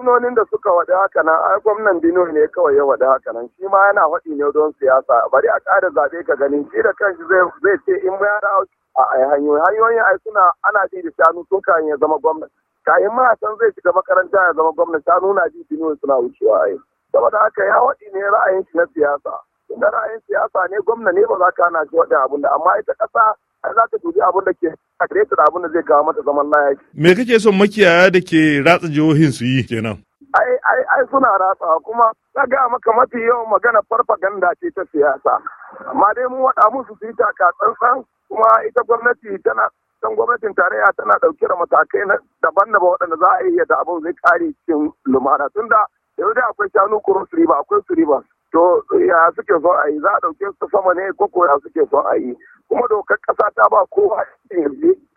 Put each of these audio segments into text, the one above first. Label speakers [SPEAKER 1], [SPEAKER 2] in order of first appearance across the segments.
[SPEAKER 1] gwamnonin da suka wada haka nan ai gwamnan Bino ne kawai ya wada haka nan shi ma yana waɗi ne don siyasa bari a ƙara zaɓe ka gani shi da kanshi zai ce in ya dawo a hanyoyi hanyoyin ai suna ana bi da shanu tun kan ya zama gwamnati kayan ma san zai shiga makaranta ya zama gwamnati shanu na ji binu suna wucewa ai saboda haka ya waɗi ne ra'ayin shi na siyasa inda ra'ayin siyasa ne gwamna ne ba za ka ana shi waɗin abin da amma ita ƙasa za ka dubi abin da ke a gare ta mata zaman lafiya.
[SPEAKER 2] Me kake son makiyaya da ke ratsa jihohin su yi kenan?
[SPEAKER 1] Ai ai ai suna ratsawa kuma na ga maka mafi yawan magana farfaganda ce ta siyasa. Amma dai mun waɗa musu su yi taka tsantsan kuma ita gwamnati tana san gwamnatin tarayya tana ɗauke da matakai daban-daban waɗanda za a iya da abin zai kare cikin lumana tunda yau da akwai shanu su riba akwai su riba to ya suke son a yi za a ɗauke su sama ne ko ko ya suke son a yi kuma dokar ƙasa ta ba kowa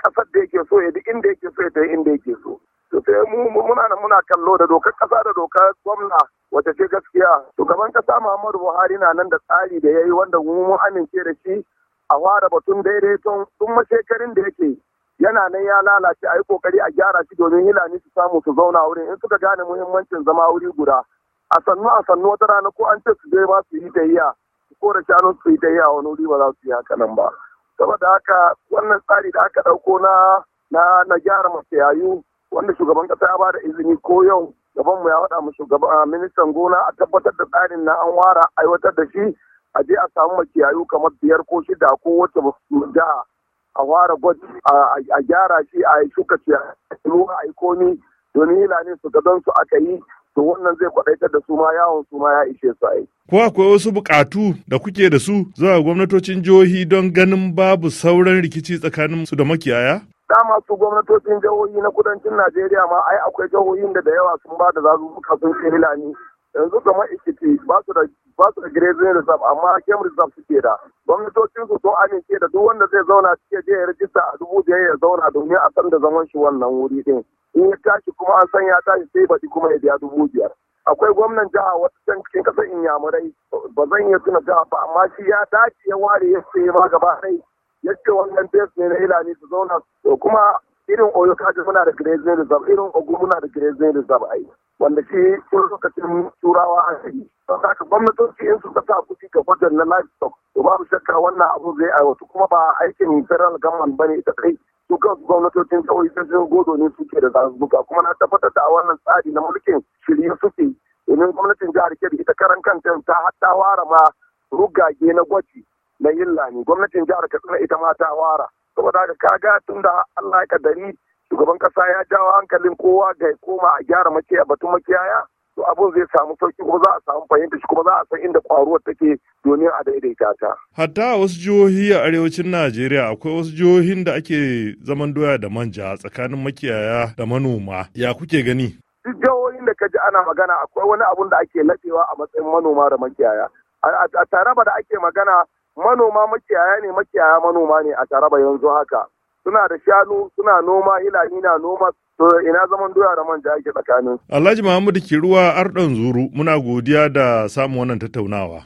[SPEAKER 1] ƙasar da yake so ya bi inda yake so ya ta inda yake so to sai mu muna nan muna kallo da dokar ƙasa da dokar gwamna wata ce gaskiya shugaban ƙasa Muhammadu Buhari na nan da tsari da yayi wanda mu mun amince da shi a fara batun daidaiton tun mashekarin da yake yana nan ya lalace a yi kokari a gyara shi domin hilani su samu su zauna wurin in suka gane muhimmancin zama wuri guda a sannu a sannu wata rana ko an ce su je ba su yi tayya su kora shanu su yi tayya wani wuri ba za su yi haka nan ba saboda haka wannan tsari da aka ɗauko na na na gyara wanda shugaban kasa ya bada izini ko yau gaban mu ya faɗa mu shugaban ministan gona a tabbatar da tsarin na an wara aiwatar da shi a je a samu makiyayu kamar biyar ko shida ko wacce da a fara gwaji a gyara shi a shuka ciyayi a yi komi domin hilani su gadon su aka yi to wannan zai kwadaitar da su ma yawon su ma ya ishe su ai.
[SPEAKER 2] Ko akwai wasu bukatu da kuke da su zuwa gwamnatocin jihohi don ganin babu sauran rikici tsakanin su da makiyaya?
[SPEAKER 1] Dama su gwamnatocin jihohi na kudancin Najeriya ma ai akwai jihohin da da yawa sun ba da zazu sun ke Hilani yanzu kamar ikiti ba su da ba rizab. amma grazing reserve amma su reserve suke da gwamnatocin su sun amince da duk wanda zai zauna cike je ya rajista a dubu biyar ya zauna domin a san da zaman shi wannan wuri din in ya tashi kuma an san ya tashi sai baɗi kuma ya biya dubu biyar akwai gwamnan jiha wata can cikin kasar inyamurai ba zan iya tuna jiha ba amma shi ya dace ya ware ya sai ma gaba ɗaya ya ce wannan fes ne na ilani su zauna kuma irin oyo kaji muna da grazing reserve irin ogun muna da grazing reserve ai wanda shi tun lokacin turawa A yi don haka gwamnatoci in suka sa kuɗi ga wajen na livestock to babu shakka wannan abu zai aiwatu kuma ba aikin federal government bane ita kai su kansu gwamnatocin kawai sun godo ne suke da zazuka kuma na tabbatar da wannan tsari na mulkin shirye suke domin gwamnatin jihar Kebbi ita karan kanta ta hatta wara ma rugage na gwaji na yin lami gwamnatin jihar Katsina ita ma ta wara saboda haka kaga da Allah ya kadari shugaban kasa ya jawo hankalin kowa ga koma a gyara a batun makiyaya to abun zai samu sauki kuma za a samu fahimta shi kuma za a san inda kwaruwar take domin a daidaita ta.
[SPEAKER 2] Hatta a wasu jihohi a arewacin Najeriya akwai wasu jihohin da ake zaman doya da manja tsakanin makiyaya da manoma. Ya kuke gani?
[SPEAKER 1] Duk jihohin da ka ji ana magana akwai wani abun da ake latsewa a matsayin manoma da makiyaya. A taraba da ake magana manoma makiyaya ne makiyaya manoma ne a taraba yanzu haka suna da shanu suna noma hilani na noma to ina zaman doya da manja ake tsakanin
[SPEAKER 2] alhaji muhammadu kiruwa arɗon zuru muna godiya da samun wannan tattaunawa